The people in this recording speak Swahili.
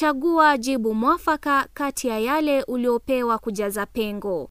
Chagua jibu mwafaka kati ya yale uliopewa kujaza pengo.